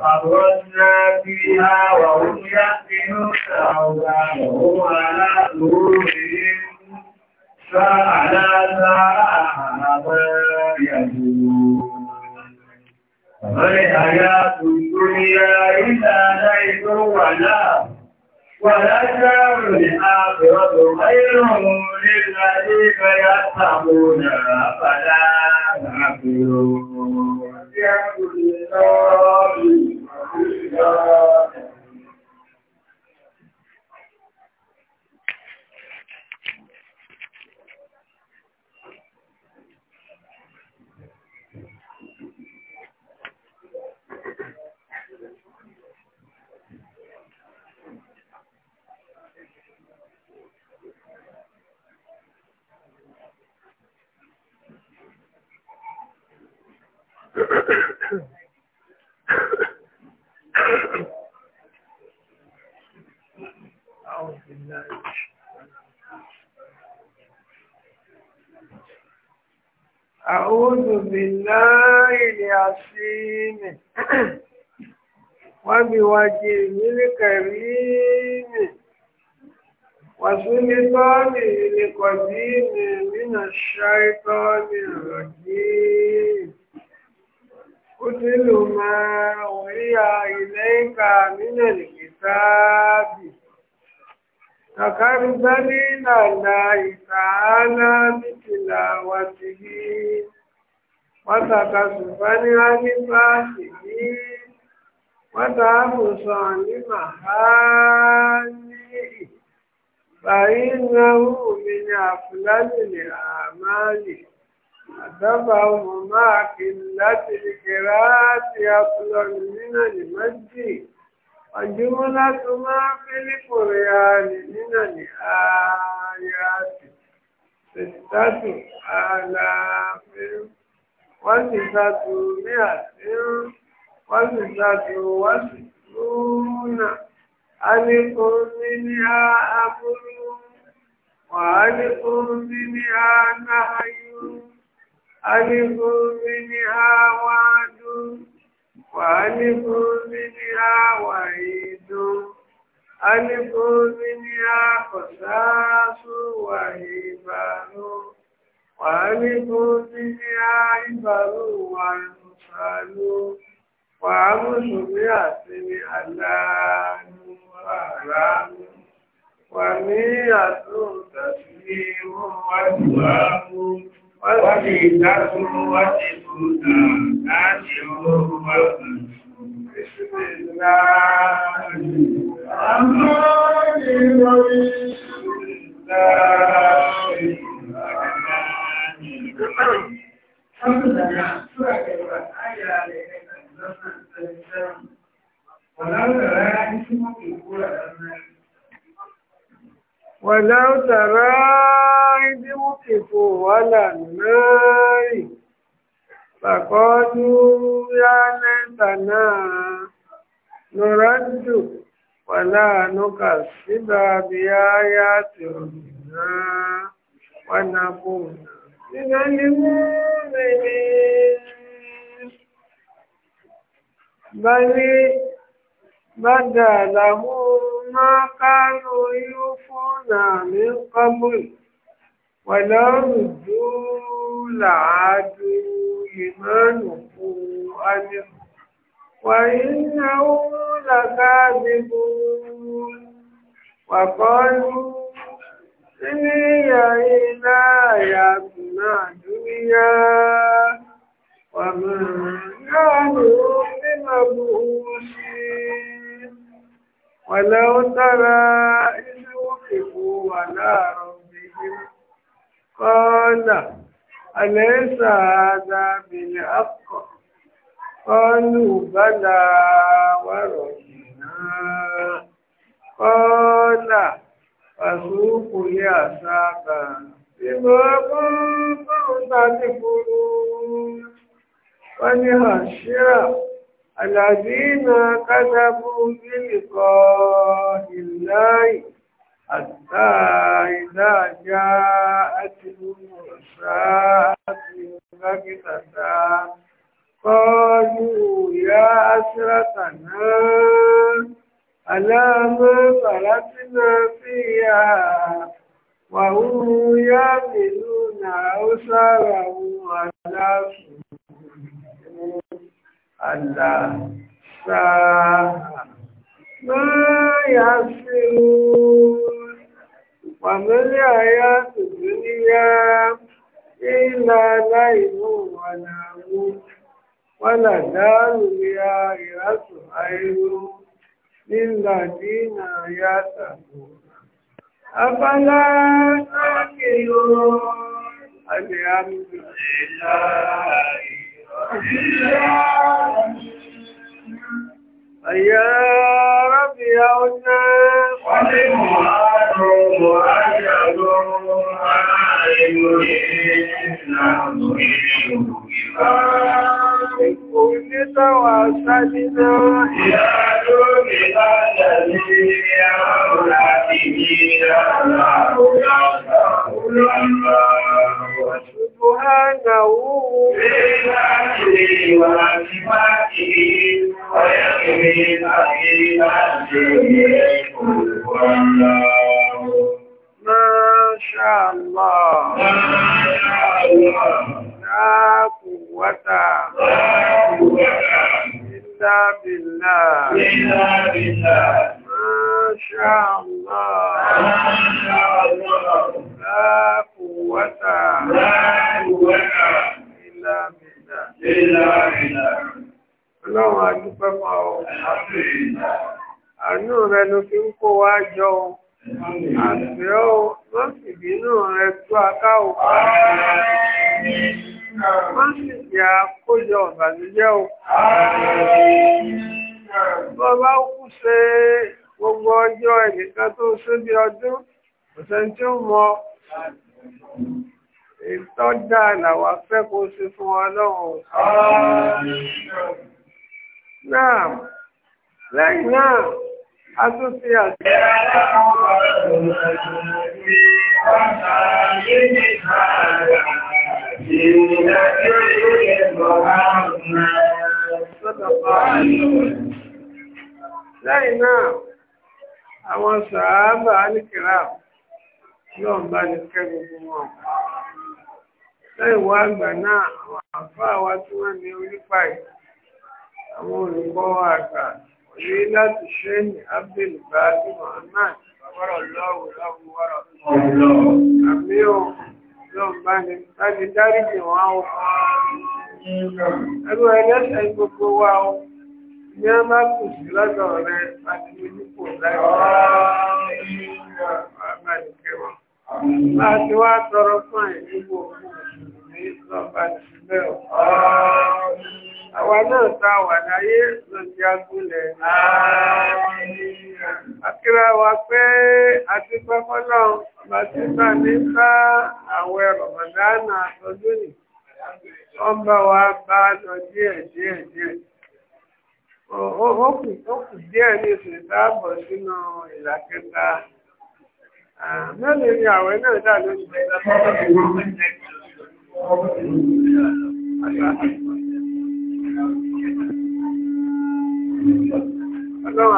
فرنا فيها وهم يأمنون أولادهم على ظهورهم فعلى ساعة ما يدون فالحياة الدنيا إلا ليل ولا ولدار الآخرة خير للذين يتقون فلا يعقلون يكن لله أعوذ بالله أعوذ بالله العسيم وبوجهه الكريم وسلطانه القديم من الشيطان الرجيم قتل ما أوحي إليك من الكتاب فقد بين الله تعالى بتلاوته وتكسفا عن فاته وتعبسا لمحانه فإنه من أفضل الأعمال أتبعهم مع قلة القراءة أفضل من المجد وجملة ما في القرآن من الآيات ستة آلاف وستة مئة وستة وستون ألف منها أمر وألف منها نهي ألف منها وعد وألف منها وعيد ألف منها قصاص وهبان وألف منها عبر وأمثال وعمس مئة ألان وأعلام ومئة تسليم وأدواب Wọ́n ti dákú wọ́n ti kúta láti ọwọ́ wọn. Àmọ́ ìrọ̀rí láàrín Wọ̀lá rẹ̀ rẹ̀ ní kí wọ́n kìí kúrò àdámẹ́rin. ولو ترى إذ وقفوا على النار فقالوا يا ليتنا نرد ولا نكذب بآيات ربنا ونكون من المؤمنين بل بدا لهم ما كانوا يوفون من قبل ولو ردوا لعادوا لما نفوا عنه وإنهم لكاذبون وقالوا إن هي إلا حياتنا وما كانوا بمبعوثين ولو ترى إذ وقفوا على ربهم قال أليس هذا بالحق قالوا بلى وربنا قال فذوقوا العذاب بما كنتم تكفرون ونهشنا الذين كذبوا بلقاء الله حتى إذا جاءتهم ساءتهم بغتة قالوا يا أسرتنا على ما تركنا فيها وهم يعملون أوسرهم على سوء àlà sáà máa yà sí ooo pàmílẹ̀ àyà tòjú níyà ìlà aláìmú wàlà àwọn wàlà dáàrú ní àìrásù àmì ìlà àìrú. يا رب يا ونا والمعاد مؤجل عليم كل توسلنا يا رب العالمين يا مولاي يا الله سبحانه ما شاء الله لا قوة إلا بالله شاء الله ما شاء الله لا قوة لا قوة إلا بالله إلا بالله Ọlọ́run adúpẹ́ mọ́ ọ. Àánú rẹ ló fi ń kó wá jọ ọ. Àṣẹ ọ ló sì bínú rẹ tú aká ò. Wọ́n sì jẹ́ àkójọ ọ̀bàlújẹ́ ò. Bọ́bá kú ṣe é gbogbo ọjọ́ ẹnìkan tó sóbi ọdún ọ̀sẹ̀ tí ó mọ ìtọ́jà làwọn fẹ́ kó sí fún ọlọ́run. náà lẹ́yìn náà a tún fi àṣẹ. Lẹ́yìn náà, àwọn sàábà alìkìrà náà bá ní kẹ́gbogbo wọn lẹ́yìn wá àgbà náà àwọn àfáà wa tí wọ́n ní onípa yìí àwọn olùkọ́ àgbà òye láti ṣẹ́yìn abdul bali muhammad bàbárọ̀ lọ́wọ́ lọ́wọ́ wọ́rọ̀ àmì ò bá ní láti dáríjì wọn ó ẹgbẹ́ ẹlẹ́sẹ̀ gbogbo wa ó ní a máa kù sí lọ́dọ̀ rẹ àti onípò láìpẹ́ ọ̀rọ̀ àgbàdìkẹwọ̀n. Máa ti wá tọrọ fún àìníwò fún òṣèlú ní lọ́ba ìṣúlẹ̀ àwa náà ta wà láyé lọ́jọ́ agúnlẹ̀. Akíra wa pé a ti pẹ́kọ́ náà ọba tí bá ní bá àwọn ẹ̀rọ̀mọ̀dánà àtọ́jú nì. Wọ́n bá wa bá lọ díẹ̀ díẹ̀ díẹ̀ ó kù díẹ̀ ní oṣù ìtaàbọ̀ sínú ìlà kẹta mẹ́lẹ̀ ni àwẹ̀ náà dà lórí ọlọ́run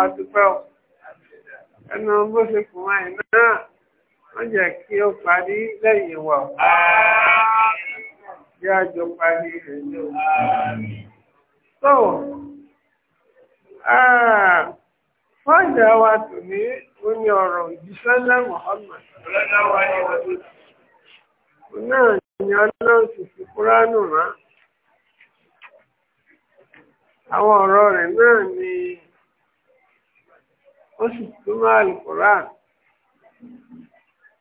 àdúpẹ́ ọ̀ ẹnu bó ṣe kù wáyé náà wọ́n jẹ́ kí ó parí lẹ́yìn wà bí a jọ parí rẹ̀ Fọ́ìdà ah, wa tò ní oní ọ̀rọ̀ ìjísẹ́lẹ̀ Muhammad. Náà ni ọlọ́run sì fi Kúránù rán. Àwọn ọ̀rọ̀ rẹ̀ náà ni ó sì túmọ̀ Al-Qur'an.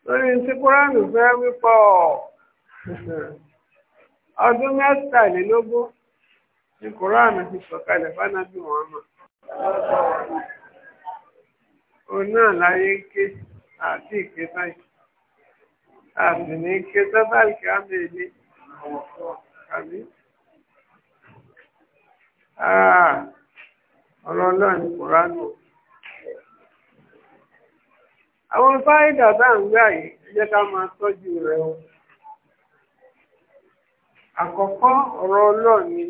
Lórí tí Kúránù fẹ́ wípọ̀ ọdún mẹ́tàlélógún ni Kúránù ti sọ̀kalẹ̀ fánàbí wọn mọ̀. òun náà láyé ń ké àti ike báyìí àti ní ké sábàlì a á lè náà ni àwọn fáìdà tá à ń jẹ́ ká máa tọ́jú rẹ̀ o. àkọ́kọ́ ọ̀rọ̀ ọlọ́ọ̀ni.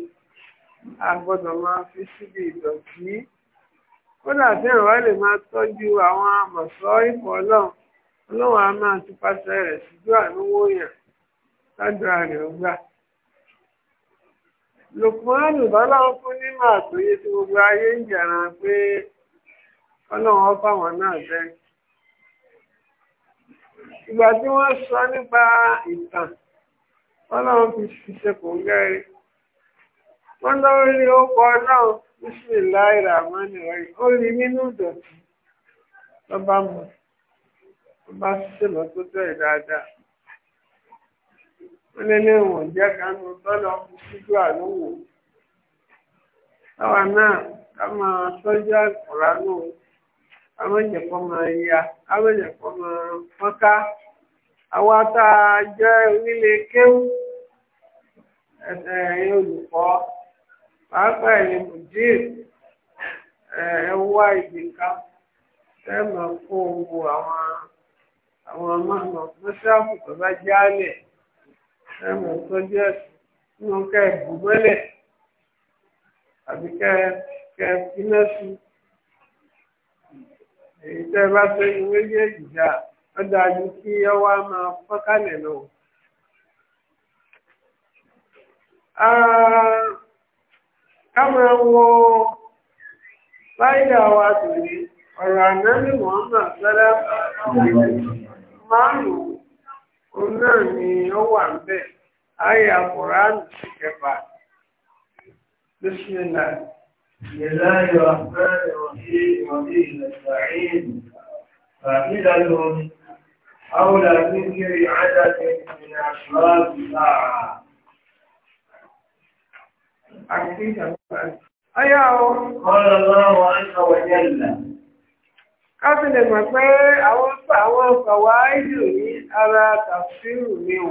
a gbọ́dọ̀ máa fi síbi ìdọ̀tí kódà tí àwọn wa lè máa tọ́jú àwọn àmọ̀sọ́ ìpọ̀ ọlọ́run ọlọ́run a máa tupasẹ̀ rẹ̀ síjú àánúwò yàn ládùúrà rẹ̀ ó gbà. lùkùmánù bọ́láwọn fún nímọ̀ àtòyé tí gbogbo ayé ń jẹ̀ràn pé ọlọ́run ó bá wọn náà bẹ́ẹ̀. ìgbà tí wọ́n sọ nípa ìtàn ọlọ́run fi ṣiṣẹ́ kò gẹ́rẹ́ wọ́n lọ́wọ́ rí ọkọ̀ náà bísíláì ràmánì rẹ̀ ó rí nínú ìdọ̀tí lọ́ba mu lọ́ba ṣèlọ́ tó tẹ̀ dáadáa wọ́n lé ní ìwọ̀n jẹ́ kánú tọ́lọ́ fi síjú àlówó táwa náà ká máa tọ́jú àkùránù àwọn ìjẹ̀kọ́ máa ya àwọn ìjẹ̀kọ́ máa fọ́nká àwa tá a jẹ́ onílé kéwù ẹ̀sẹ̀ ẹ̀yìn olùkọ́. pàápàá ẹ̀yin mùdíè ẹ wá ibì kan ẹ mọ̀ kó wo àwọn àwọn ọmọ ọmọ mọ́ṣáàpù tó bá jálẹ̀ ẹ mọ̀ tó jẹ́ inú kẹ́ ẹ bù mọ́lẹ̀ àbí kẹ́ kẹ́ ẹ finá sí èyí tẹ́ bá fẹ́ ìwé yé ó dájú kí ẹ wá máa fọ́kànlẹ̀ lọ. Ah, ká wọ wo fáìlì àwọn àtìlẹ́ ọ̀rọ̀ ànábì Muhammad sẹ́lẹ̀ márùn-ún òun náà ni ó wà ń bẹ̀ ayé àkùrán ìkẹfà Ọyá o. Ọlọ́lọ́wọ́ aṣọ wọ̀nyẹ́ mọ̀ pé àwọn àwọn ọkọ̀wá ìlú ní ara ni o.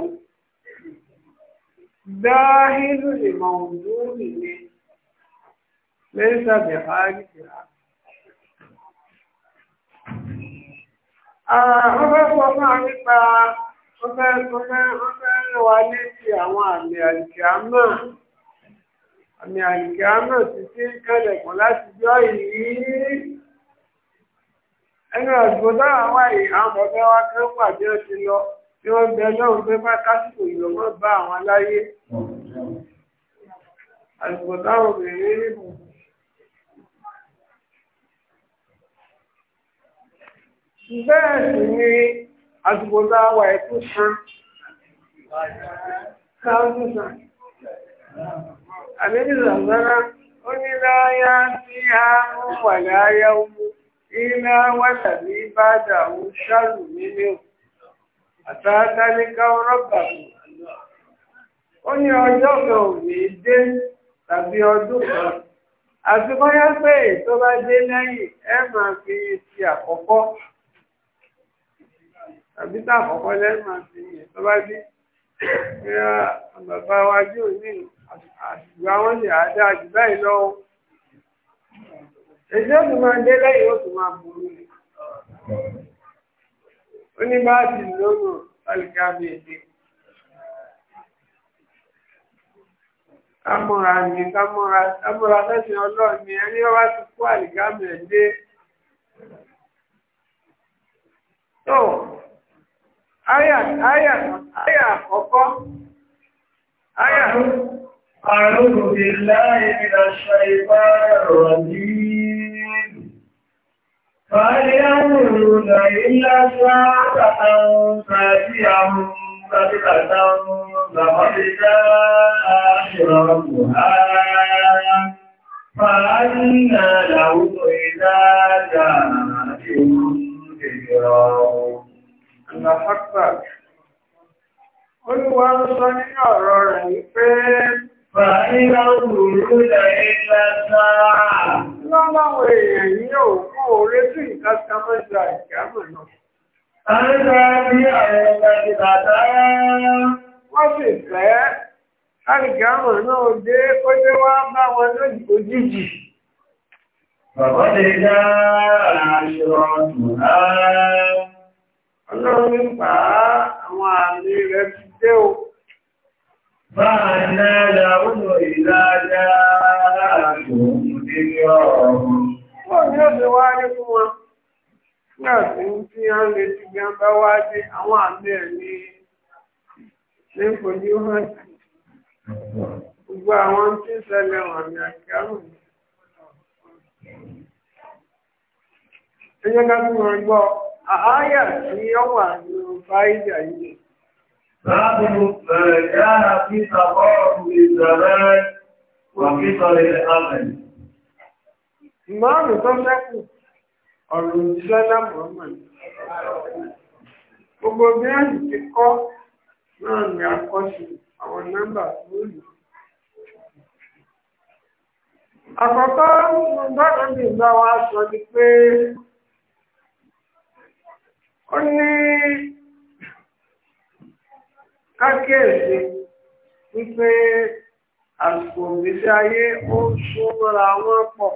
Dáhìlù lè mọ̀ òǹdúrì ni. ti ah, àwọn àmì àlìkàmọ́. àmì àyíká náà ti ti ń kálẹ̀kùn láti jọ́ yìí ẹnu ọ̀sùn táwọn wá yìí àwọn ọ̀gá wa kan wà bí wọ́n ti lọ tí wọ́n bẹ lọ́run pé bá kásìkò ìlọ́mọ́ bá àwọn aláyé àsìkò táwọn obìnrin nìbò. bẹ́ẹ̀ sì ni àsìkò táwọn wà ẹ̀kú san. Annabi zanzara onye n'ahịa ihe ahụ nwere ahịa ugwu ihe nwetaghị ibe aja wụ shalu n'ime àtàkàríkà rọ́bà ó ní ọjọ́ kan ò dé tàbí ọdún kan àti bàbá wa jù ní àṣùgbà wọn lè àdá jù báyìí lọ èdè ó tún máa dé lẹ́yìn ó tún máa burú ni ó ní bá ti bí èdè kámúra ni kámúra kámúra lẹ́sìn ọlọ́run ni ẹni wá ti kó Aya aya aya àkọ́kọ́. Aya. Àrùkù bí láì nílá ṣe ipá rọ̀ ní Fàíyàwòrò láì lásá àtàwọn tàbí àwọn tàbí àtàwọn làmọ́déjá àṣìrọ̀kù ara. Fàánà àlàáfà. Olúwa ń sọ nínú ọ̀rọ̀ rẹ̀ wípé òwúrú lẹ́yìn Lọ́láwọ̀ èèyàn ní òkú orí sí náà. A ń rẹ̀ bí àwọn ọmọ ìbàdá. Wọ́n sì fẹ́ Alìkàmọ̀ náà dé ó dé wá bá wọn lójú òjijì. Bàbá lè dá àṣírọ̀ tùrá. ọlọ́run ní pa àwọn àmì rẹ̀ ti dé o. Báàná làwùjọ ìlàjà àtòmùdé ọ̀rọ̀. Wọ́n ní ní fún wọn. Nígbà tí ń wá ní ní fojú hàn. àwọn tí àáyà tí ó wà ní fáìdà yìí. Láti mú bẹ̀rẹ̀ eh, yára sí sàbọ́ọ̀rù ìzàrẹ́ wà kí sọ̀rẹ̀ àmẹ́. Ìmọ̀rùn tó mẹ́kù ọ̀rọ̀ òjíṣẹ́ lámọ̀ọ́mọ̀. Gbogbo bí a sì ti kọ́ náà ni a kọ́ sí àwọn nọ́mbà tó lù. Àkọ́kọ́ gbọ́dọ̀ bí ìgbà wa sọ ni pé ó ní kákíyèsí wípé àsìkò ìgbésí ayé ó súnmọ́ra wọn pọ̀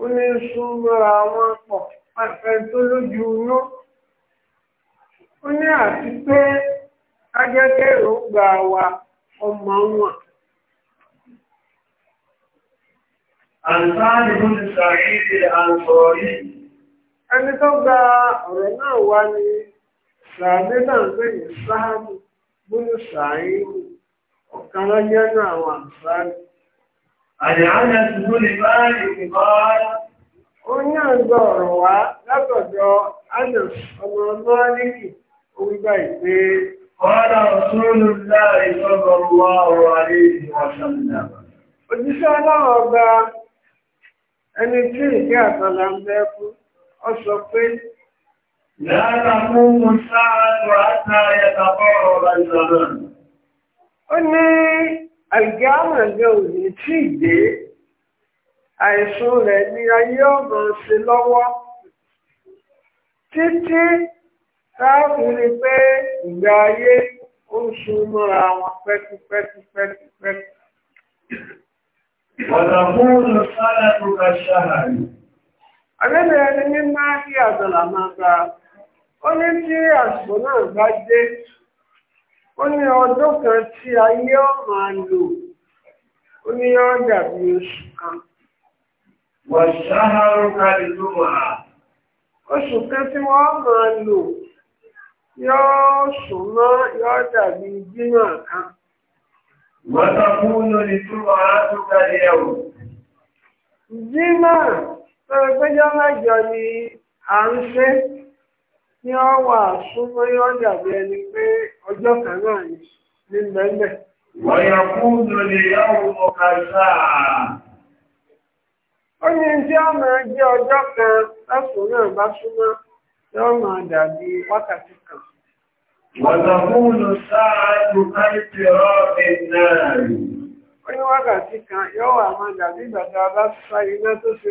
ó ní súnmọ́ra wọn pọ̀ pàṣẹ tó lójú inú ó ní àti pé kájẹ́kẹ́ èròǹgbà wa ọmọ wọn. Àǹtáàdì ló ti sàrí ìdí ẹni tó gba ọ̀rọ̀ náà wá ní sàádé náà ń pè ní sáàmù búnú sàáìmù ọ̀kan lọ́jọ́ náà àwọn ti ló lè bá ìgbà rárá. ọ̀rọ̀ wá látọ̀dọ̀ ọmọ Ọ̀rọ̀ láàrin wá ọ̀rọ̀ náà. ọlọ́run ẹni tí ìgbé àtàlà ń bẹ́ ọ sọ pé lára mú mú sáàtù àtàyàtà fọ́rọ̀ ọ̀rọ̀ ìjọba ó ní àgbàmọ̀lẹ́ òní tí ìdé àìsùn rẹ̀ ní ayé ọ̀nà sí lọ́wọ́ títí táàkùnrin pé ìgbà ayé ó ń sun mọ́ra wọn pẹ́kúpẹ́kúpẹ́kúpẹ́kú. Ọ̀nà mú lọ sáàtù kàṣàhàrì. Anyị na-ere n'ime ahịa ọzara maka onye tí ya so na dé, onye ní ọdún kan tí ayé ọ̀ máa lò, ó ní ya dàbí oṣù kan. Wàṣáhárú kálí ló wà. Oṣù kan tí wọ́n máa ya yóò sùn mọ́ lọ́rọ̀ péjọ́ ni a ń ṣe ní ọwà fún bóyá ó ẹni pé ọjọ́ kan náà ni ní mẹ́mẹ́. wọ́yọ̀ fún lòlẹ̀ ọkà sáà. ó ní tí máa jẹ́ kan náà bá súnmọ́ tí ó máa kan. ní kan yóò wà máa dàbí bá tó ṣe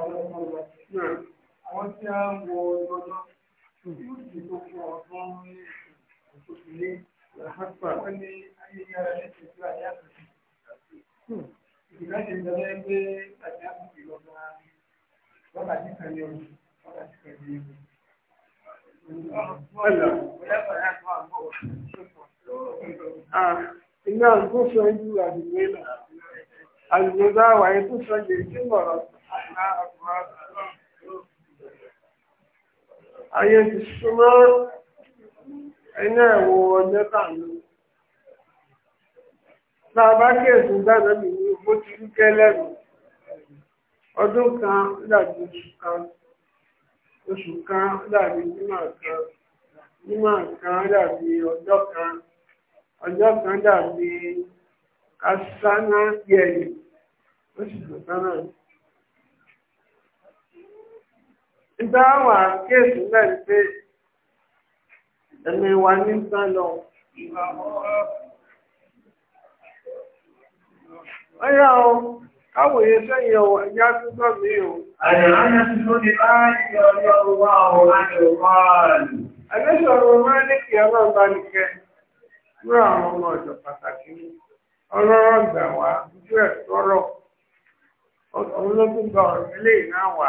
àwọn tí a ń wọ ọjọ́ hmm. yóò sì tó fún ọdún ní òṣòṣìlé wọ́n ní ayẹyẹ ara ní ìṣẹ́jú ayé àtúnṣe. ìgbàlejò ìjọba ẹgbẹ́ àti àkùnkùn ìlọ́gbà lọ́gbà tí kan yọ lọ́gbà tí kan yọ. Iná ń tó sọ àdìgbé náà. Àdìgbé bá wà ní tó ìdí mọ̀ràn. Ayé ti súnmọ́ ẹ̀nà ẹ̀wọ̀ ọjọ́ tààlú. Bàbá kèsùn dáná mi ní ó ti rí kẹ́lẹ́rù. Ọdún kan dàbí oṣù kan, oṣù kan dàbí jímọ̀ kan, jímọ̀ kan dàbí ọjọ́ kan, ọjọ́ kan dàbí kásánà yẹ̀yẹ̀, kan náà. nígbà wà kéèsì náà ń pé ẹ̀mí wa ní sálọ. Ọyá o, káwòye sẹ́yìn ọwọ́ ẹ̀yá túnbọ̀ mí o. Àdìsọ̀rọ̀ Málìkì ọlọ́ọ̀bá nìkẹ́, rú àwọn ọmọ ọ̀dọ̀ pàtàkì ní ọlọ́rọ̀ gbà wá,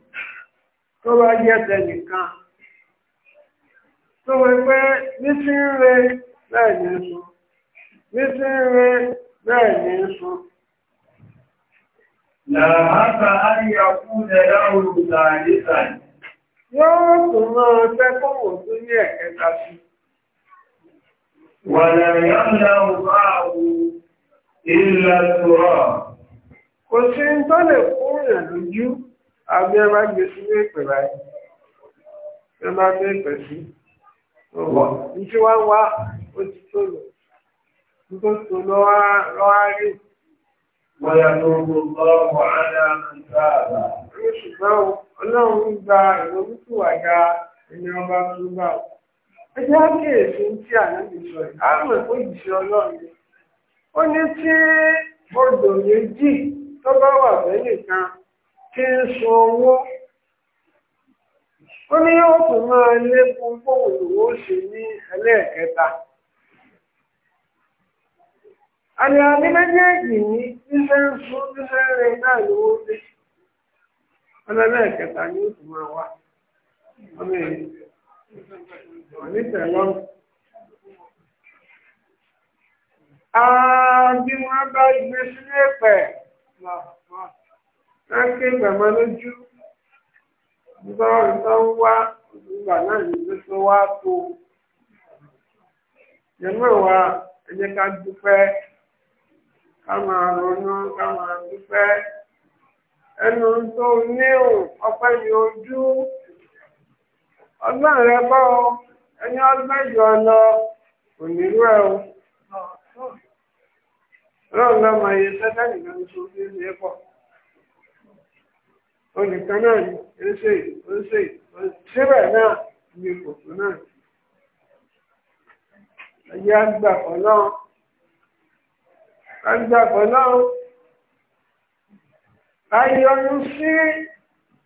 tó bá jẹ́ tẹnìkan tó wọ́n pé nísí ń re bẹ́ẹ̀ ní sọ nísí ń re bẹ́ẹ̀ ní sọ. Làbáta ayà kú olùgbà àdíta Yóò tún ní ẹ̀kẹta sí. Wàlẹ̀ abẹ́ bá gbé sílé ìpè báyìí ẹ bá gbé ìpè sí ọ̀wọ́ nítí wá wá ó ti tó lọ tó tó lọ́wọ́ rí. Wọ́yà tó gbogbo ọmọ àdá nígbà àbá. Ṣùgbọ́n Ọlọ́run gba ìrònúkú àga ẹni ọba tó bá wà. Ẹ jẹ́ àkíyèsí tí ànábì sọ yìí, àmọ̀ ẹ̀kọ́ ìṣẹ́ Ọlọ́run. Ó ní tí odò méjì tó bá wà fẹ́ nìkan. tí ń sọ owó ó ní yóò tún máa lékún ṣe ní ẹlẹ́ẹ̀kẹta àlẹ́ àmì méjèèjì ní ṣíṣe ń sún ṣíṣe ń rìn náà lówó dé ọlọ́lẹ́ẹ̀kẹta ni ó tún máa wá ọmọ bá gbé sílé pẹ̀ ake gbàmọ́ lójú ìtọ́ ndọrọ ń wá ìgbà náà ní tó wa ẹ jẹ́ ká dúpẹ́ ronú ẹnu tó ní òun ọpẹ́ ojú ọgbọ́n rẹ ọ ẹni ọgbọ́n jù ẹ o tó onìkan náà ni ó ń ṣe ó ń ṣe síbẹ̀ náà ni kòtò náà ẹ̀yà gbà pọ̀ náà ká gbà pọ̀ náà ká yọnu sí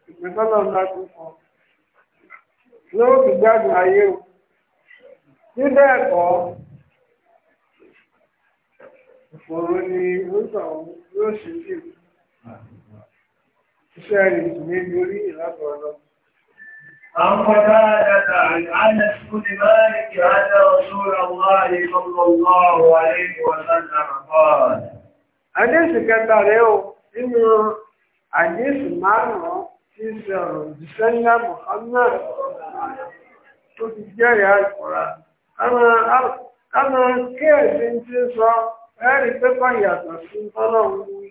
ìpínlẹ̀ ọ̀nà àkókò lówó ti gbádùn ayé o níbẹ̀ ẹ̀kọ́ ìfòòró ni ó sọ̀rọ̀ yóò ṣe sí ìlú. iṣẹ́ rẹ̀ ní lórí ìlànà ọ̀nà. عن قتادة عن أنس بن مالك أن رسول الله صلى الله عليه وسلم قال أنس كتاريو إنه أنس مارو في سر جسنا محمد تجاري القرآن أما أما كيف أنت صار هل تبقى يا تسلم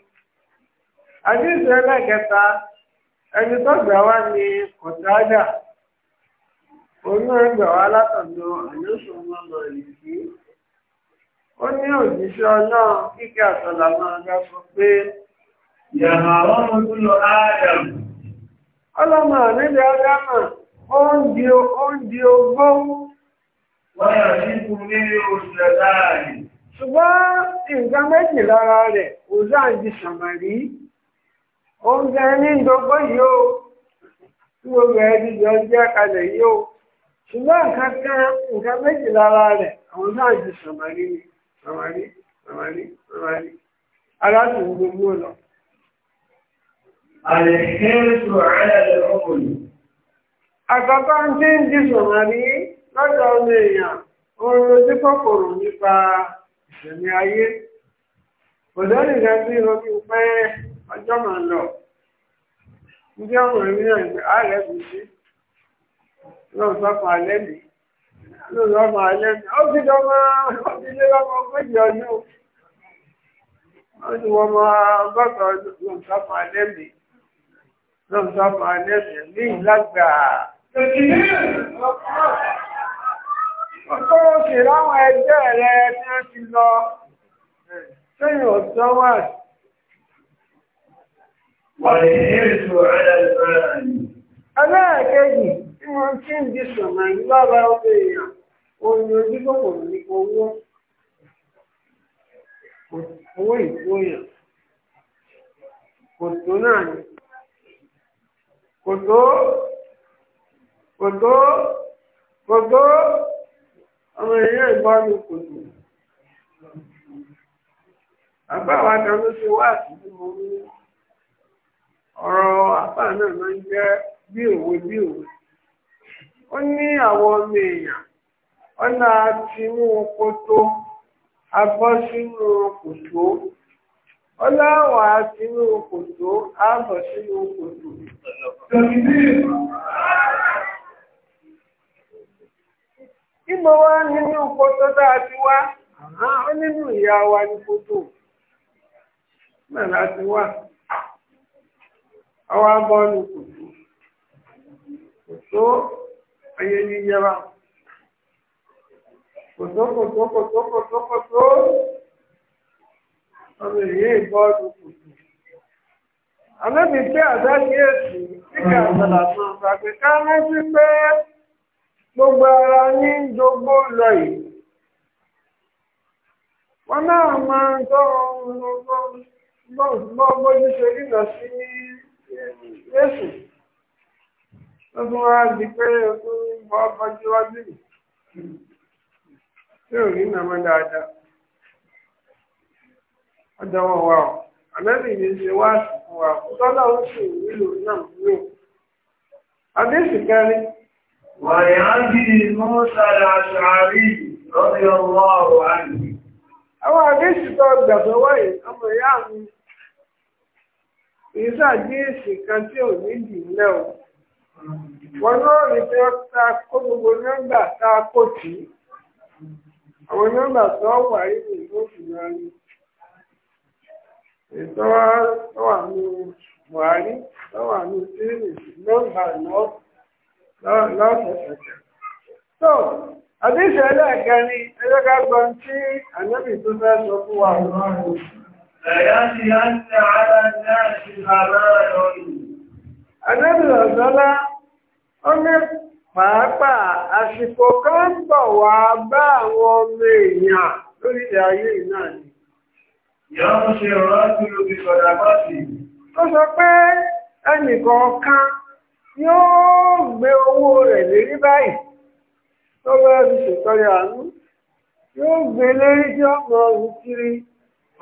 àdéhùn ẹlẹ́kẹta ẹni tó gbà wá ní kọ̀tádà onú ẹgbẹ̀ wá látọ̀dọ̀ àyọ̀sùn ọmọ ìlú ó ní òjíṣẹ́ ọlọ́run kíkẹ́ àtọ̀là máa gbá sọ pé ìyàmà àwọn ọmọ tó lọ áádàmù ọlọ́mọ nílẹ̀ ádámà ó ń di ogbó wáyà nínú nílé oṣù láàrin ṣùgbọ́n nǹkan méjì lára rẹ̀ òzáàjì sàmàrí oúnjẹ ní ìdógó yìí o tí gbogbo ẹni jọ jẹ́ kalẹ̀ yìí o ṣùgbọ́n nǹkan kan nǹkan méjì lára rẹ̀ àwọn náà di sàmárì ni sàmárì sàmárì sàmárì aláṣùn gbogbo lọ. Àlèkérésù àyàlẹ̀ ọkùnrin. Àkọ́kọ́ tí ń di lọ́dọ̀ ọmọ èèyàn, kòkòrò nípa ìṣẹ̀mí ayé. ọjọ́ máa lọ ǹjẹ́ ọmọ mi náà ń gbé ààrẹ mi sí lọ́wọ́ sọ́kàn alẹ́ mi lọ́wọ́ ọmọ alẹ́ mi ó fi dọ́mọ ó lọ́mọ ogójì ọdún ó ti mọ ọgọ́ta ọdún lọ́wọ́ sọ́kàn alẹ́ mi lọ́wọ́ sọ́kàn alẹ́ mi ní ìlágbàá. Ọkọ́ òkè láwọn ẹgbẹ́ rẹ̀ tí wọ́n ti lọ sẹ́yìn ọ̀sán wáṣí. Ẹlẹ́ẹ̀kejì tí wọ́n tí ń di sọ̀nà ìlọ́ra ọmọ èèyàn, orin ojúgbòmò ní owó, owó ìgbóyàn, kòtò náà ni. Kòtò, kòtò, kòtò, ọmọ èèyàn ìbọ́nu kòtò. Àbáwá kan ló ṣe wá àtúntò mọ́ nínú. ọ̀rọ̀ àbá náà ló ń jẹ́ bí òwe bí òwe ó ní àwọn ọmọ èèyàn ọ̀nà tinú kótó abọ́ sínú kòtó ọláwà ọ na àbọ̀ sínú kòtó ìmọ̀ wá nínú kòtó tá a ti wá ó nínú ìyá wa ní ọwọ́ bọ́ọ̀lù kò tó kò tó ayé ní yẹra kò tó kò tó kò tó kò tó kò tó ọmọ èyí bọ́ọ̀lù kò tó. Àlébì pé àdáṣe èsì kíkà àgbàlá máa gbàgbé ká rántí pé gbogbo ara ní dogbo lọ yìí. Wọ́n náà máa ń tọ́ ohun gbọ́ bójú ṣe lílọ sí Jésù tó tún pe di pé o tún wájú tí ò ní nàmọ́ dáadáa. Ọjọ́ wọn wà Àmẹ́bí ṣe wá àsìkò wa tọ́lá ó sì nílò náà nílò. Adéṣì kẹrin. Wàyà ń bí Mọ́sára Ṣàárì lọ́dọ̀ ọlọ́run àná. Àwọn adéṣì tó gbàgbọ́ wáyé ọmọ ìyá mi. ìsà díèsì kan tí ò ní dì ńlẹ̀ o wọn náà rí pé ta kó gbogbo nọ́mbà tá a kò tí àwọn nọ́mbà tó wà nínú ìlú òṣùwárí ètò wà ní Buhari tó wà ní tírìsì nọ́mbà lọ́sọ̀ọ̀sẹ̀ tó àdéṣe ẹlẹ́ẹ̀kẹrin ẹlẹ́gàgbọ́n tí ànábì tó fẹ́ sọ fún wa lọ́rùn. ليأتين على الناس زمان Àdébì ọ̀sọ́lá, ó ní pàápàá àsìkò kan bọ̀ wá bá àwọn ọmọ èèyàn lórí ayé náà ni. Ìyá ń ṣe ọ̀rọ̀ tí ó fi sọ̀dà bá sí. Ó sọ pé ẹnìkọ̀ọ̀kan yóò gbé owó rẹ̀ lérí báyìí tó bẹ́ẹ̀ fi ṣètọ́rẹ àánú. Yóò gbé lérí tí ọmọ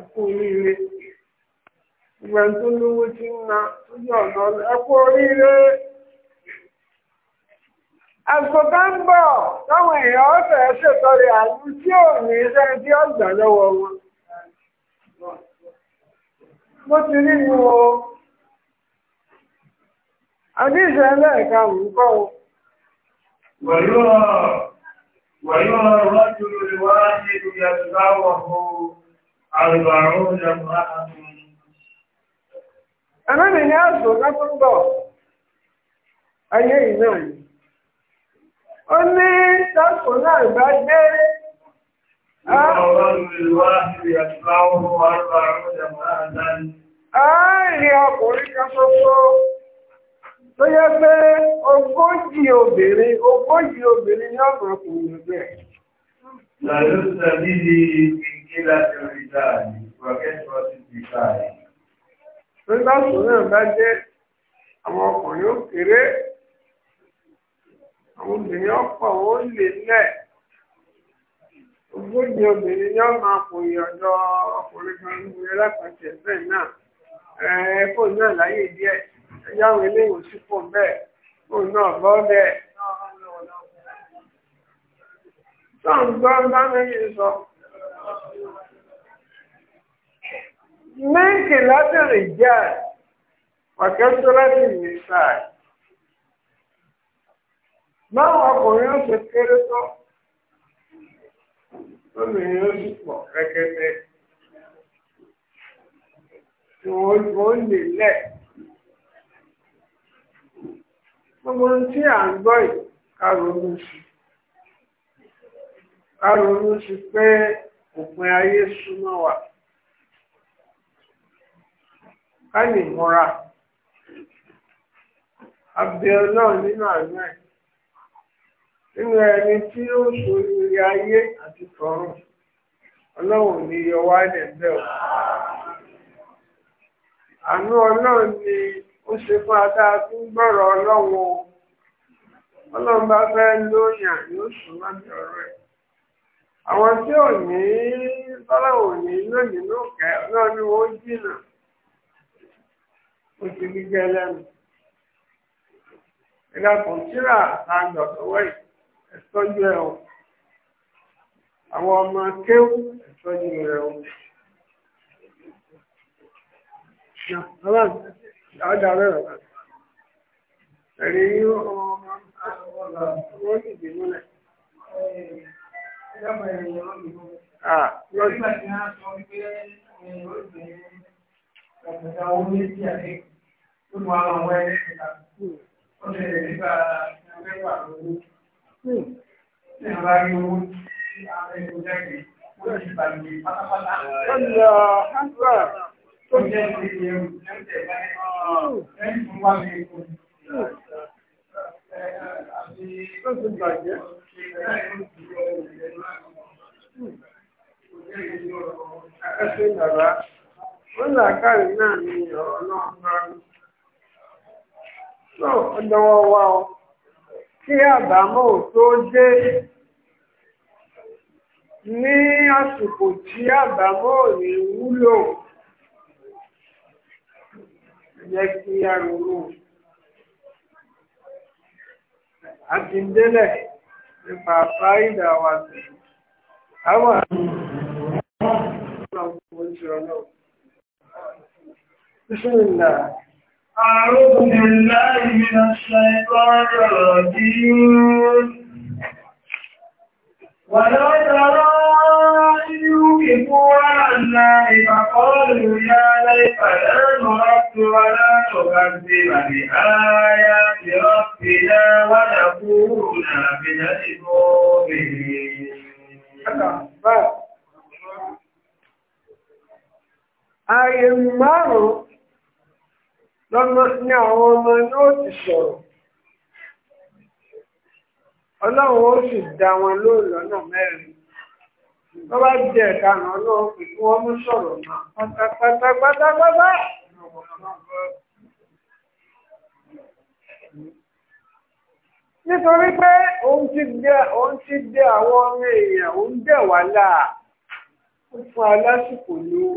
ẹkú oríire ìgbà tó lówó tí na ọ̀nà ẹkú oríire àsọ̀tá ń bọ̀ táwọn èèyàn ọ̀sẹ̀ ṣètọrẹ àánú tí ò ní iṣẹ́ tí ó gbà lọ́wọ́ wọn mo ti rí mi o àdíṣe ẹlẹ́ẹ̀ka mú Àmẹ́rin ni àṣò lápúndọ̀ ayé ìná yìí. Ó ní ṣàkó náà bá gbé ààrin ọkùnrin kan ṣoṣo tó yẹ pé ogójì obìnrin ogójì obìnrin ní ọ̀pọ̀ ọkùnrin rẹ̀. Làlúsàbí ni إلى الرجال وكثرة النساء nígbà tó náà bá jẹ́ àwọn ọkùnrin ó kéré àwọn obìnrin ọ̀pọ̀ wọn lè lẹ̀ ogójì obìnrin yóò máa kò yọ̀dọ̀ ọkùnrin kan ní ẹlẹ́pàṣẹ bẹ́ẹ̀ náà ẹ̀ẹ́kọ́ náà láyé díẹ̀ ẹjọ́ àwọn eléyìí ò sípò bẹ́ẹ̀ òun náà bọ́ bẹ́ẹ̀. sọ́ǹgbọ́n bá mi yìí sọ. mínkì látìrì jẹ́ ọ̀kẹ́sọ́láṣì nìta báwọn ọkùnrin ó ṣe kéré tó lóbìnrin ó sì pọ̀ rẹ́kẹ́tẹ́ tí wọ́n lè lẹ̀ gbogbo tí à ń gbọ́ yìí ká ronú sí ká ronú sí pé òpin ayé súnmọ́ wa. ká lè mọ́ra nínú àánú ẹ̀ nínú ẹni tí ó ṣòrí ayé àti tọ̀run ọlọ́run ní yọ wá lẹ́gbẹ́ ọ àánú ọlọ́run ni ó ṣe fún adáa tó ń gbọ́rọ̀ ọlọ́run o bá fẹ́ lóyàn yóò sùn ọ̀rọ̀ ẹ̀ àwọn tí ò ní ò ní lónìí ni wọ́n jìnnà. ó ti rí jẹ́ lẹ́nu. Ìlà kọ̀ǹtírà ta gbọ̀dọ̀wọ́ yìí ẹ̀tọ́jú ẹ̀ o. Àwọn ọmọ kéwú ẹ̀tọ́jú rẹ̀ o. Ẹ̀rí ọmọ wọn nìdí múlẹ̀. Ah, lọ́sí ó mú àwọn ọmọ ẹni níta ó lè nípa ẹgbẹ́ wà lówó ní àwọn ayé owó tí àwọn hmm. ẹni ọjọ́ ìgbẹ́ hmm. ó lè ti bàjẹ́ pátápátá. ọ̀nà àgbà tó jẹ́ ìdíje ẹrù ẹ̀ ń tẹ̀ báyìí ẹ̀ ń tún wá mi kú. àti tó ti bàjẹ́ là kárí náà ni ọ̀rọ̀ náà máa ń náà ọdọwọ wa ọ kí àbámọ̀ tó dé ní àsìkò tí àbámọ̀ rí wúlò yẹ kí a rúrú àti délẹ̀ nípa fáìdà wa sí àwọn àwọn ọmọ ìṣòro náà. بسم أعوذ بالله من الشيطان الرجيم ولا ترى يوقفوا على النار فقالوا يا ليتنا نرد ولا نكذب بآيات ربنا ونكون من المؤمنين Ààyè márùn-ún lọ́nà ní àwọn ọmọ náà ti sọ̀rọ̀ ọlọ́run ó sì dá wọn lóòrùn lọ́nà mẹ́rin tó bá jẹ́ ìdáná ọlọ́run pé kí wọ́n mú sọ̀rọ̀ náà pátápátápátá nítorí pé òun ti dé òun ti dé àwọn ọmọ èèyàn òun dẹ̀ wá láà ó fún alásìkò lówó.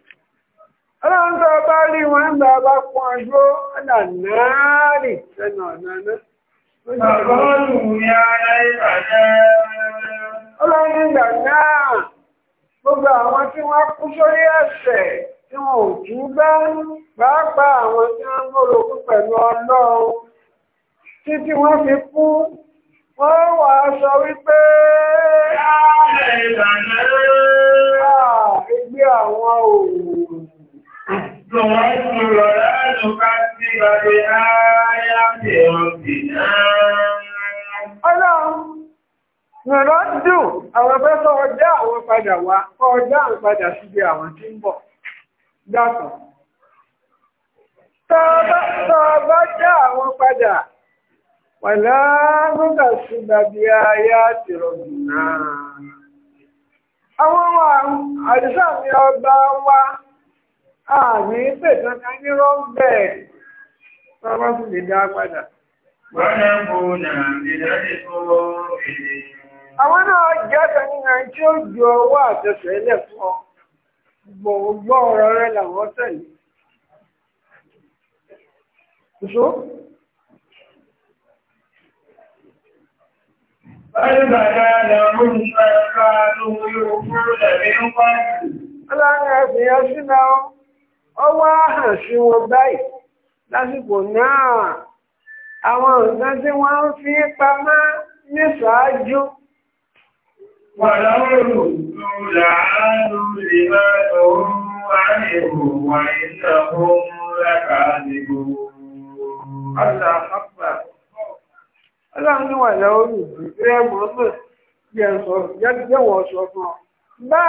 ọlọ́run tó bá rí wọn ń bá bá pọn ọjọ́ ọ̀nà náà rì sẹ́nà ọ̀nà náà. ọlọ́run ìgbà náà gbogbo àwọn tí wọ́n kú sórí ẹ̀ṣẹ̀ tí wọn ò tú bá pàápàá àwọn tí wọ́n gbòròkú pẹ̀lú ọlọ́run títí wọ́n fi kú wọ́n wà sọ wípé láàrẹ̀ ìgbà náà. Ìgbé àwọn òòrùn. نود ولا نكذب بآيات ربنا Ọlọ́run, ìrọ́dù àwọn ẹgbẹ́ tó ọjá àwọn padà wá, ọjá àwọn padà síbi àwọn tí ń bọ̀. Dákùn. Tọ́ọ̀bá já àwọn padà, wà láàrúkà sí bàbí ayá ti rọ̀dù náà. Àwọn ọmọ àdìsá mi ọba wá àmì pẹ̀tàn ká ní rọ́ǹbẹ̀ bàbá sì lè dá padà. Àwọn náà jáde ní Nàìjíríà ó ju ọwọ́ àtẹ̀sẹ̀ ilẹ̀ fún ọ. Gbọ̀ngbọ́ ọ̀rọ̀ rẹ làwọn tẹ̀lé. Ìṣó? Ọlọ́run ẹ̀sìn yẹn sínú ọ. ó wá hàn sí wọn báyìí lásìkò náà àwọn nǹkan tí wọ́n ń fi pamọ́ ní ṣáájú. Wàláwò làánú lè máa tọ̀hún wáyébò wà ìṣàkóhun lákàádìgbò. Ọ̀sà àpá. Ọlọ́run ní wàláwò rẹ̀ mọ́ mọ́ jẹ́ sọ, jẹ́ wọ́n sọ fún ọ. Bá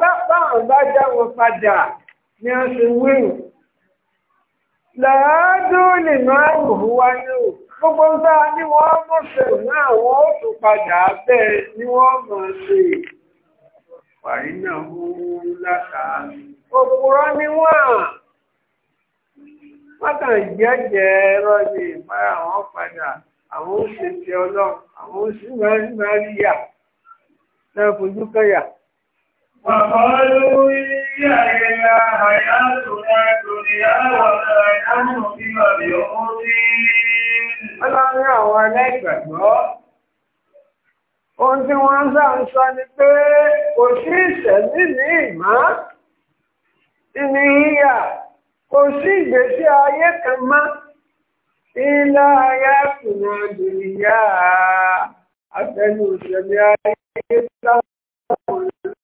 bá bá wọn bá já wọn padà ni a ṣe wéwù làádùn lè máa wù ú wáyé o gbogbo ńlá ni wọ́n mọ̀ ṣe náà wọ́n ó tún padà bẹ́ẹ̀ ni wọ́n mọ̀ ṣe wàyí náà mú látàá òpùrọ́ ni wọ́n mọ́tà jẹ́jẹ́ ẹ̀rọ ni ìpara àwọn padà àwọn ó ṣe ti ọlọ́run àwọn ó sì máa ń máa rí yà náà fojú kẹ́yà. وقالوا يا إلا حياتنا الدنيا وما نحن بمبعوثين Ọlọ́run àwọn ẹlẹ́gbẹ̀gbọ́, ohun tí wọ́n ń bá ń sọ ni pé kò sí ìṣẹ̀lú ní ìmá, ìní ìyà, kò sí ìgbésí ayé kan mọ́, ilá ayá kùnà dùnìyà àfẹnù ìṣẹ̀lú ayé láwọn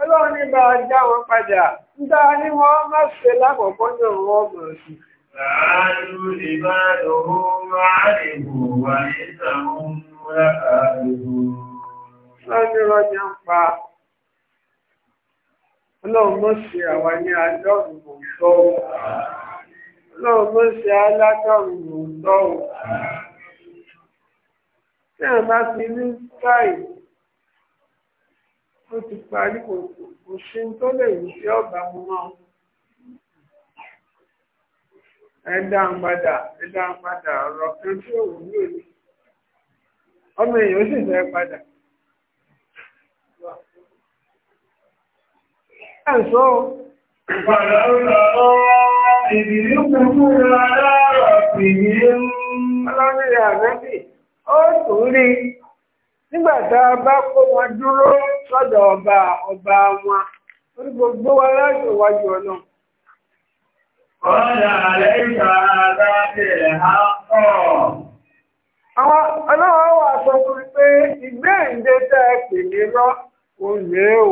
ọlọ́run ní bá a já wọn padà nígbà ní wọ́n má ṣe lákòókò ní òun ọmọ sí. Láàájú ìbádọ̀hún máa lè wò wà ní ìtàwọn Ọlọ́run mọ́ sí àwa ní Tí a bá fi ní báyìí. ó ti parí kò kò ṣe ń tó lè rí sí ọ̀gá mu náà ẹ dáhùn padà ẹ dáhùn padà ọ̀rọ̀ kan tí ò wúlò ní ọmọ èèyàn ó sì fẹ́ padà. ẹ sọ padà ó lọ ìdílé kúkú aláàrọ̀ ní ọlọ́run ìyá rẹ̀ ó tún rí sọ́dọ̀ ọba ọba wọn orí gbogbo wa láti wájú ọlọ́run. Ọ̀nà àlẹ́ ìṣàrà àtàlẹ̀ àpọ̀. ọlọ́wọ́ wà sọ fún pé ìgbéǹde tẹ́ ẹ pè mí lè o.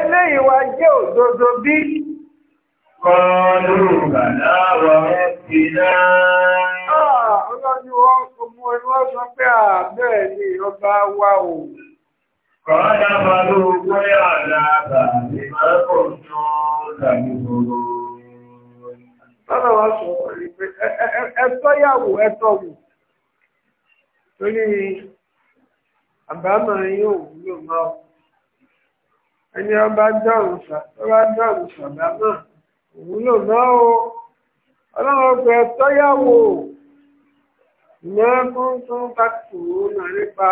Eléyìí wa jẹ́ òdodo bí. Kọ́ọ̀lù bàdá ah, wọ̀ náà. gbogbo ni wọ́n sọ pé àbẹ́ẹ̀ ni ọba wa ò. Kọ̀ọ́dá máa ló gbé àdá àbàmì máa pọ̀ tó tàbí gbogbo. Bọ́lá wa sọ Ẹni ọba dọ̀rùn sàbámọ̀ òwúlò máa wò. Ọlọ́run ọgbẹ̀ ẹ̀tọ́ yàwó lọ́kùn tó bá tòun náà nípa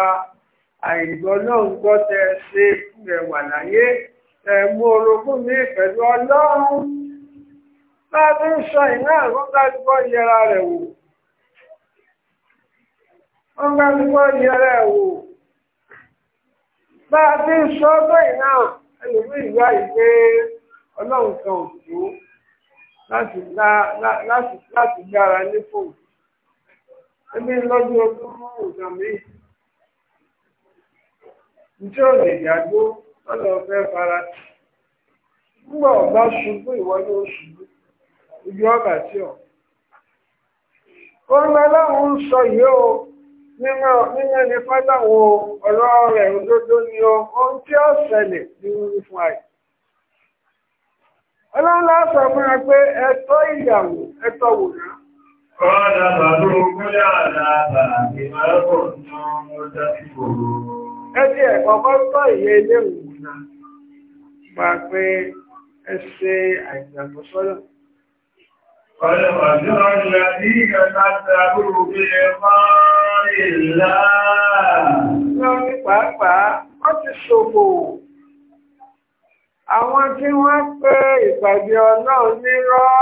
àìgbọ́ náà ń gbọ́ tẹ ṣe ẹ wà láyé ẹ mú orogún mi pẹ̀lú ọlọ́run láti ń sọ ìná àwọn gbàdúgbò yẹra rẹ̀ wò wọ́n gbàdúgbò yẹra rẹ̀ wò bá a ti ń sọ bẹ́ẹ̀ náà ẹlòmíì ìlú àìpé ọlọ́run kan ò tó láti gbára ní fòun. ẹgbẹ́ lọ́jọ́ ọdún ọ̀gá mi ǹjẹ́ ò lè yàgbó lọ́dọ̀ ọ̀fẹ́ fara tì nígbà ọ̀gá ṣubú ìwọlé oṣù ibi tí ọ̀ òun lọ́lọ́run ń sọ yìí o nínú ẹni fọ́láwọ ọ̀rọ̀ rẹ̀ òdodo ni ohun tí ó ṣẹlẹ̀ ní orí fún àyè ọlọ́run pé ìyàwó قال فذوقوا العذاب بما كنتم تكفرون ẹtí ẹ̀kọ́kọ́ tọ́ ìyẹ́ ilé ìwòna máa pé ẹsẹ̀ àìgbàgbọ́ sọ́lọ̀. Ọ̀lẹ̀ pàdé ọ̀lẹ̀ ní ìgbàta àbúrò bí ẹ máa ìlà. Lọ́wọ́ ní pàápàá, wọ́n ti ṣòfò. Àwọn tí wọ́n pé ìpàdé ọlọ́run nírọ́.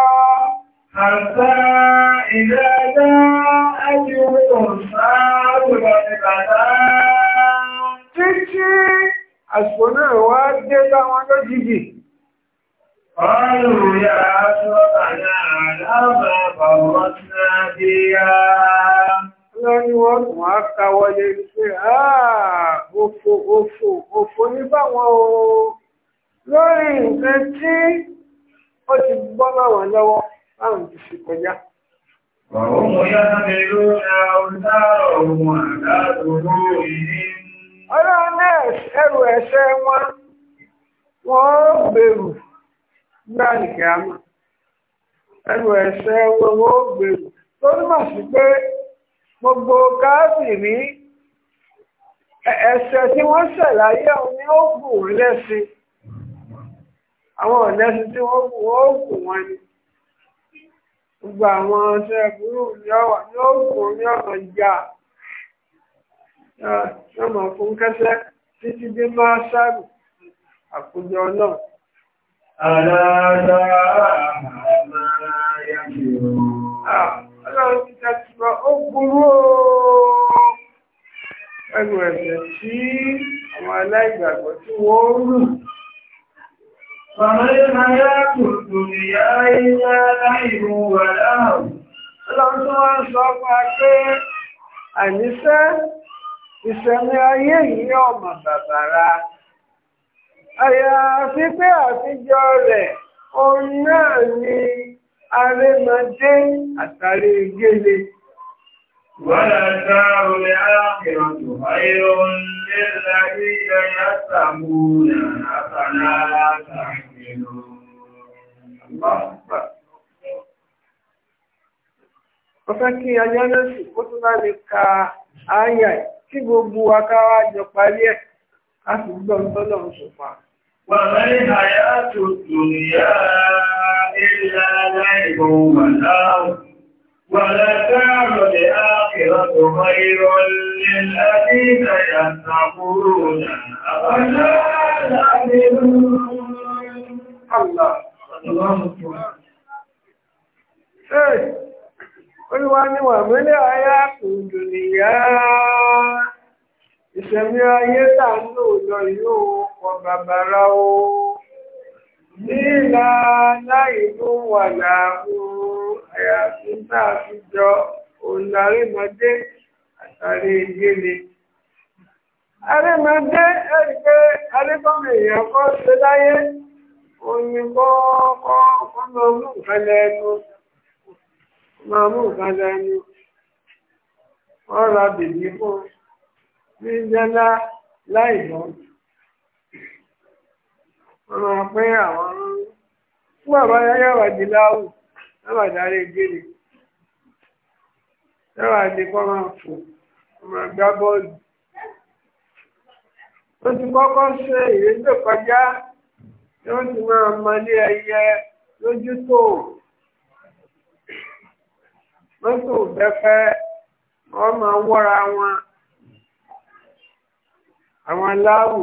حتى إذا جاء أجلهم Títí àṣìkò náà wá dé láwọn lójijì. Ọlùrù yà sọ́tà náà láàmà bàwọ́ náà bí yá. Lọ́ni wọ́n tún wá káwọlé pé, "Àà, òfò, òfò, òfò ní báwọn o, lórí nǹkan tí ó ti gbọ́ máwọn lọ́wọ́." báwọn ti ṣe kọjá. Ọ̀hún mo yá mi lóra ọ̀dá ọ̀hún àdádòrò ìní. Ọlọ́run náà ẹrù ẹ̀ṣẹ̀ wọn, wọ́n gbèrú gbá ìkàmà. Ẹrù ẹ̀ṣẹ̀ wọn wọ́n gbèrú. Tó túmọ̀ sí pé gbogbo káàbìrí ẹ̀ṣẹ̀ tí wọ́n ṣẹ̀ láyé ọ̀hún ó gùn lẹ́sìn. Àwọn ọ̀lẹ́sìn tí wọ́n gùn wọ́n gùn wọn ni gbogbo àwọn ọṣẹ burú yóò gùn ní ọ̀nà ìjà yọmọ fún kẹsẹ́ títí dé máa ṣáàrù àkójọ náà. Àlàáfíà máa yá sí òun. Ọlọ́run ti tẹ̀síwọ́ ó burú ooo. Ẹnu ẹ̀sẹ̀ tí àwọn aláìgbàgbọ́ tí wọ́n rù. فما الحياة الدنيا إلا لعب ولهو Ọlọ́run tó wá ń sọ pa pé àníṣẹ́ ìṣẹ̀mí ayé yìí ọmọ bàbàrà. Àyàfi pé àfijọ́ rẹ̀ òun náà ni arémọdé àtàrí gẹ́lẹ̀. Wọ́n lọ sọ orí alákìrọ̀ tó ayé للذين يسمون أفلا تعقلون الله أكبر Ọfẹ́ kí ayánẹ́sì ó tún bá lè ka ayà tí gbogbo akáwà jọ parí ẹ̀ láti gbọ́ tọ́lọ̀ ṣùfà. Wà mẹ́rin àyà tó tò ní yára ilẹ̀ aláìgbọ̀n wà láàrùn. ولدار الآخرة خير الله الله أكبر Olúwa ni wà mẹ́lẹ̀ ayá kùndù nìyá. Ìṣẹ̀mí ayé tà ń lò lọ yóò pọ̀ bàbàrà o. Nílà láìlú wà láàrú àyàfi tá a fi jọ òǹdarímọdé àtàrí gèlè. Arímọdé ẹ̀rí pé Adébọ́mọ èèyàn kọ́ ṣe láyé, omi kọ́kọ́ máa mú nǹkan lẹ́nu, máa mú nǹkan lẹ́nu, wọ́n ra bèbí fún ní jẹ́lá láìbọn. Wọ́n máa pín àwọn Fún àbáyá yàwà jìláwù lọ́wọ́ ìdarí gírí lọ́wọ́ àti kọ́ máa fò ọmọ gbá bọ́ọ̀lù ó ti kọ́kọ́ ṣe ìrètò kọjá tí wọ́n ti máa mọlé ẹyẹ lójútó mọ́tò bẹ́fẹ́ wọ́n máa wọ́ra wọn àwọn aláwù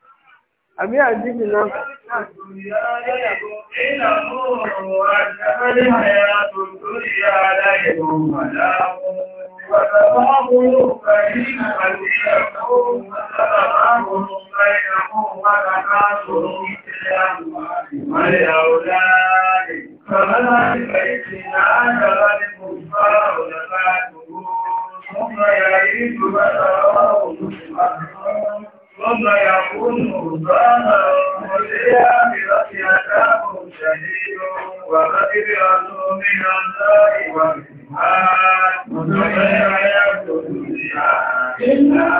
àbí àdìbì náà. Thank you. ثم يكون ربانا وليامرة أتاهم شهيد وغفرة من الله والإيمان ولا يكون إلا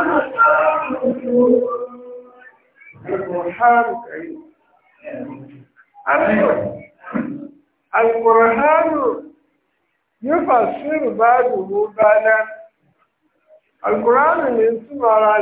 القرآن الكريم القرآن يفسر بعضه بعضا القرآن من سورة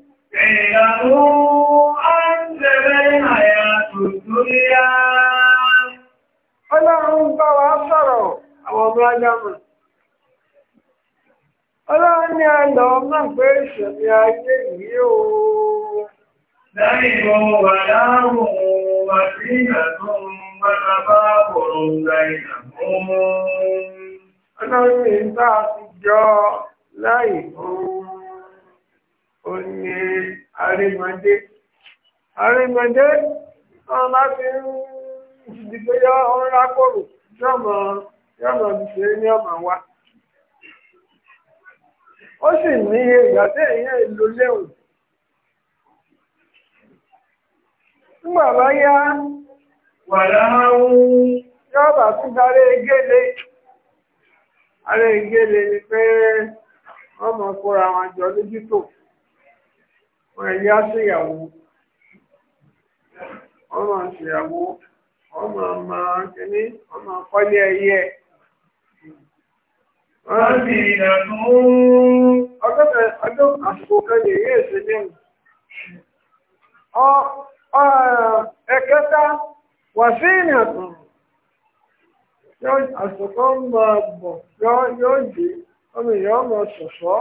اعلموا أن الحياة Ọlọ́run sọ̀rọ̀ àwọn ọmọ Ọlọ́run ni a lọ máa pé ìṣẹ̀mí ayé yìí o. Lẹ́yìnbó wà láàrùn wà sí ìyàtún mọ́ta bá Ọlọ́run ni bá ti jọ ní arímọdé arímọdé wọn ma ti ń di pé yọ ọ́n rákòrò wa ó si ní ìgbà tí èèyàn èlò léwu nígbà bá yá wàlá ń yọ́bà tún darí egéle arí egéle ni pé wọn ẹ̀yà ṣèyàwó wọn máa ṣèyàwó wọn máa máa kíní wọn máa kọ́lé ẹyẹ. wọ́n ti ìdà tó ń. ọjọ́ àsìkò kan lè yé èsì lẹ́nu. ẹ̀kẹta wà sí ìrìn àtọ̀ àsìkò máa bọ̀ yóò jí ọmọ ìyá ọmọ ṣọ̀ṣọ́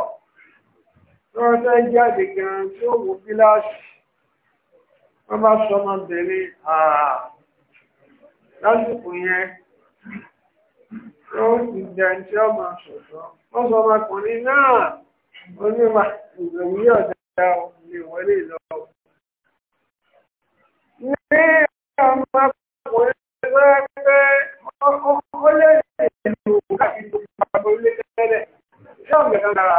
lọ́wọ́ tó jáde gan tí ó wò gíláàsì wọ́n bá sọmọbìnrin àà lásìkò yẹn lọ́wọ́ ti jẹ tí ó máa sọ̀tọ̀ wọ́n sọ ọmọkùnrin náà onímọ̀ ìròyìn ọ̀dá lè wọlé lọ. ní ọmọkùnrin pẹ́pẹ́ ó lè lè lò láti gbogbo àgbò ilé tẹ́lẹ̀ tí ọ̀gbẹ̀dọ̀ dára.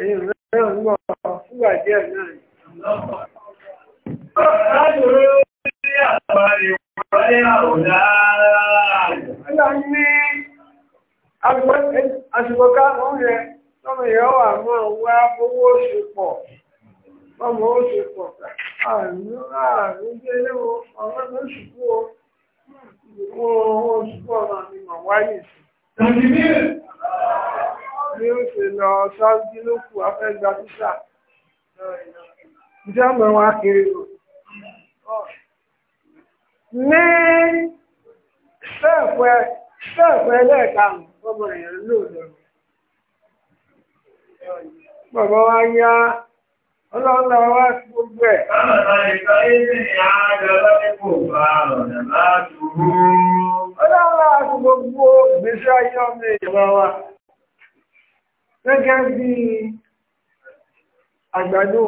ẹ̀yìn mẹ́rin ń bọ̀ fúgbà díẹ̀ náà ni. Ládùúró sí àwọn ìwọlé àwòrán. Nígbà ní àsìkò káàkùn rẹ̀ lọ́mọ ìyá wà máa wá owó oṣù pọ̀. Lọ́mọ oṣù pọ̀. Àrùn àrùn jẹ́ léwo ọ̀rọ̀ oṣù pọ̀. Ìwọ̀n oṣù pọ̀ náà ni màá wáyé sí ní oṣù lọ sáájú ló kù afẹ́gbà títà ìjọ mọ̀ wọn kiri o. ní sẹ́ẹ̀fẹ́ lẹ́ẹ̀kanù ọmọ èèyàn lò lọ. bàbá wa yá ọlọ́lọ́ wá sí gbogbo ẹ̀. báwo ni ìgbà yìí àjọ lọ́dẹ́kù bá ọ̀nà láti rú. ọlọ́lọ́ àti gbogbo ìgbésí ayé ọmọ èèyàn wa gẹ́gẹ́ bí àgbàdo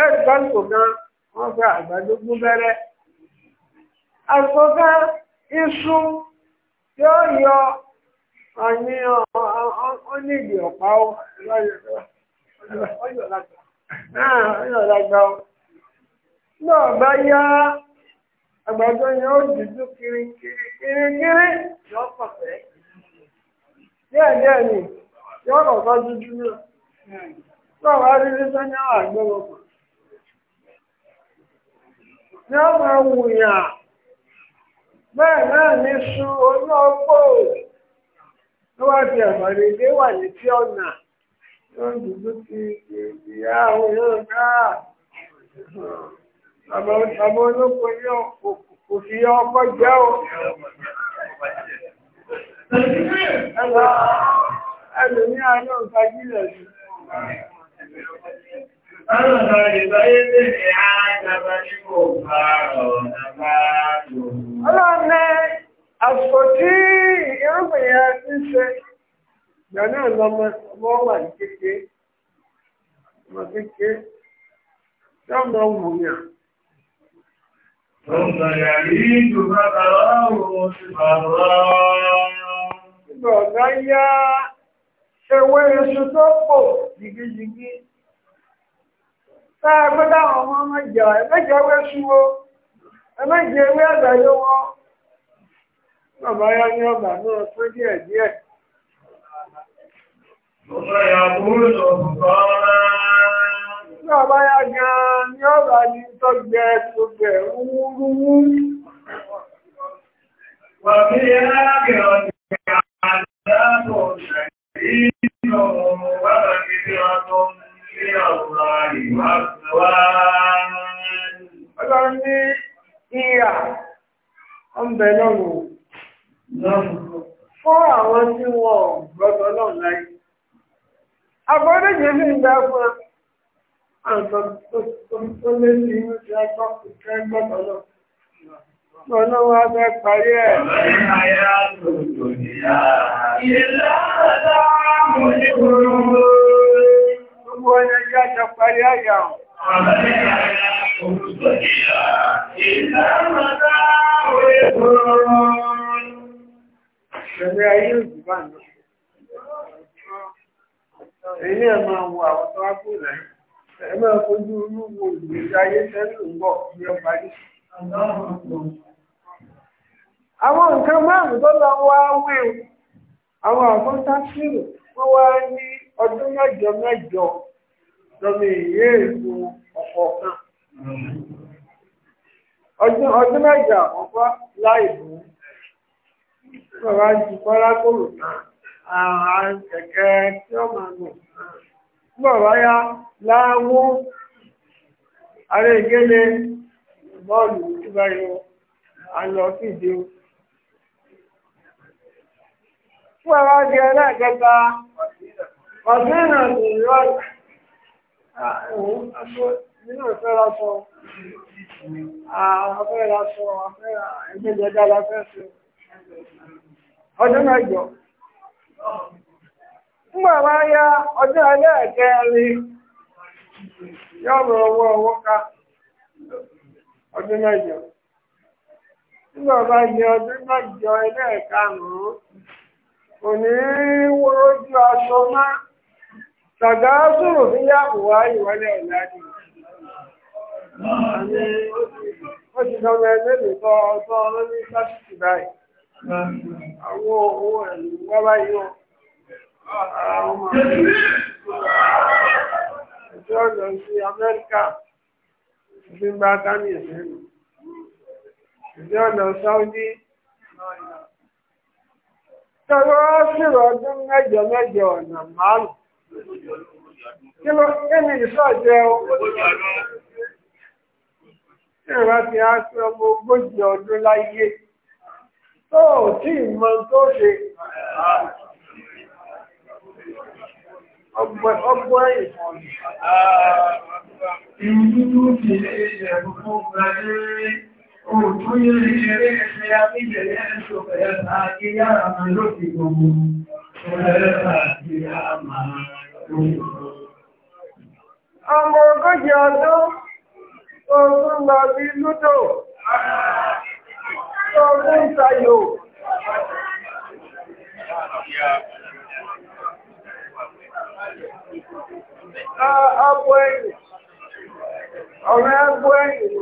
ẹ̀ẹ́dìbáṣọ kan wọ́n fẹ́ àgbàdo gún bẹ́rẹ́ àkọ́kọ́ iṣu yóò yọ àní onídìí ọ̀pá ó ọyọ̀ lágbà ó náà bá yá àgbàdo yẹn ó dìdú kiri, kiri. yọ pàpẹ́. díẹ̀ díẹ̀ ni yọ dúdú náà rí ní sẹ́ni àwọn àgbẹ̀wọ̀pọ̀ ní ọmọ wùyàn bẹ́ẹ̀ náà ní su olóògbò ní tí ọ̀nà dúdú ti àwọn yóò ọkọ̀ jẹ́ o. Ẹgbà ẹlòmí àánú ìfajílẹ̀ sí. Ọlọ́dọ̀ ìgbáyé bèèrè àjàbà nípò pààrọ̀ nàbà tó. Ọlọ́dọ̀ àṣọ tí irúgbìn ya ti ṣe, ìgbà náà lọmọ ọmọ wà ní kékeré, ọmọ kékeré, tí ọmọ wù yàn. Ó ń sọ̀rọ̀ àrí ìjọba bàbá òun ti bàbá ya ewé iṣu tó pò jìgìjìgì táà pé ọmọ ọmọ ìjà ẹ̀mẹ́jẹ ṣúwó ẹ̀mẹ́jẹ ewé àgbàdo wọn bàbá yá ní ọgbà náà pín díẹ̀ díẹ̀. Bàbá yá gan-an ní ọgbà ní tọ́gbẹ́ gbogbo ẹ̀ wúrúwú. Wàbí Ọlọ́run ní ìyà ọmọbẹ̀ lọ́rùn fún àwọn tí wọ́n gbọ́dọ̀ lọ́rùn láyé. Àbọ́déjì ní ìgbà fún àwọn tó lé sí inú tí a gbọ́dọ̀ lọ́rùn. Ọlọ́run a fẹ́ parí ẹ̀. Ọlọ́run a yá tó tò ní àà. Ìlàlá gbogbo. Gbogbo ọ̀nà yá jọ parí àyà. Ọlọ́run a yá tó tò ní àà. Ìlàlá mú àwọn nǹkan márùn tó lọ wá wé àwọn àwọn sáfìrì wọn wá ní ọdún mẹ́jọ mẹ́jọ lọmọ èyí èlò ọ̀kọ̀ọ̀kan ọdún ọdún mẹ́jọ àkọ́kọ́ láì bù bàbá ju kọlákòrò àwọn kẹ̀kẹ́ tí ó máa lò bàbá yá láwó àrẹ ìgélé bọ́ọ̀lù ìbáyọ àlọ fìdí o. fún ẹ̀rọ di ẹlẹ́ẹ̀kẹta ọ̀sìnà ìrọ̀ ah, nínú ìfẹ́ lásọ afẹ́ ah, lásọ afẹ́ ẹgbẹ́jẹdá sí mẹ́jọ yá ọjọ́ ẹlẹ́ẹ̀kẹrin yọ́rọ̀ owó mẹ́jọ mẹ́jọ kò ní wọ́rọ́jú aṣọ má tàgá sọ̀rọ̀ sí yàwó wá ìwọ́lẹ̀ ọ̀làdì ó ti sọmọ ẹgbẹ́ mi tọ́ ọtọ́ lórí sásìkì báyìí àwọn owó ẹ̀ wá báyìí ó àwọn ọmọ ẹ̀jọ́ lọ sí Amẹ́ríkà ìgbìmọ̀ àtàmì ìsẹ́nu ìjọ́ lọ Sáúdí Tọ́rọ ṣìrò ọdún mẹ́jọ mẹ́jọ ọ̀nà márùn-ún. Kí ló kí ni ìṣọ́jẹ́ ìrìnà ti á ọmọ ogójì ọdún láyé tó tí ìmọ̀ tó ṣe ọgbọ́n ìfọ̀n. Ìlú tó òtún ilé eré ẹ̀ṣẹ́ abíjẹ̀lẹ́ ẹ̀ṣọ́ ẹ̀ẹ́ta àkíyà àmà lókè gbogbo ẹ̀ẹ́ta àkíyà àmà lókè gbogbo. Ọmọ ogójì ọdún, ogun lọ bí lúdò, ogun tayò. Ọ̀pọ̀ ẹ̀yìn, ọ̀rẹ́ ẹgbọ́ ẹ̀yìn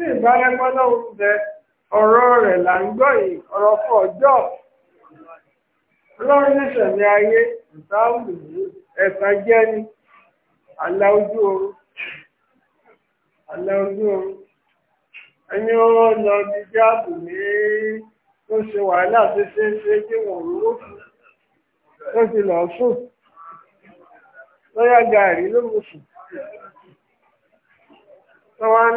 tí ìbárẹ́pọ̀ náà ń bẹ ọ̀rọ̀ rẹ̀ là ń gbọ́ yìí ọ̀rọ̀ fún ọjọ́ ọlọ́run nísẹ̀mí ayé ìsáàmù ẹ̀sán jẹ́ ni àlà ojú oorun àlà ojú oorun ẹni ó lọ ní jáàbù ní tó ṣe wàhálà tó ṣe ń ṣe kí tó ti sùn lọ́yà tó wá ń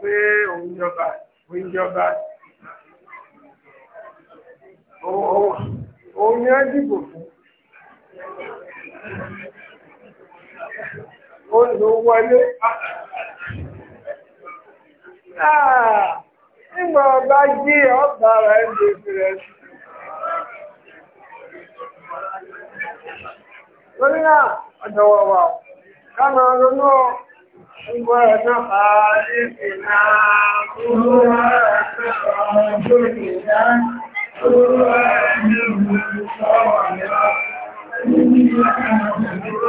pé òun jọba òun jọba òun ni ó dìbò fún olùwọlé ah, nígbà ọba jí ọba rẹ̀ ń dèbò rẹ̀ sí. Lórí náà, ọ̀dọ̀wọ̀wọ̀, ká máa ronú ọ. Ṣùgbọ́n خالقنا هو ربنا هو المصور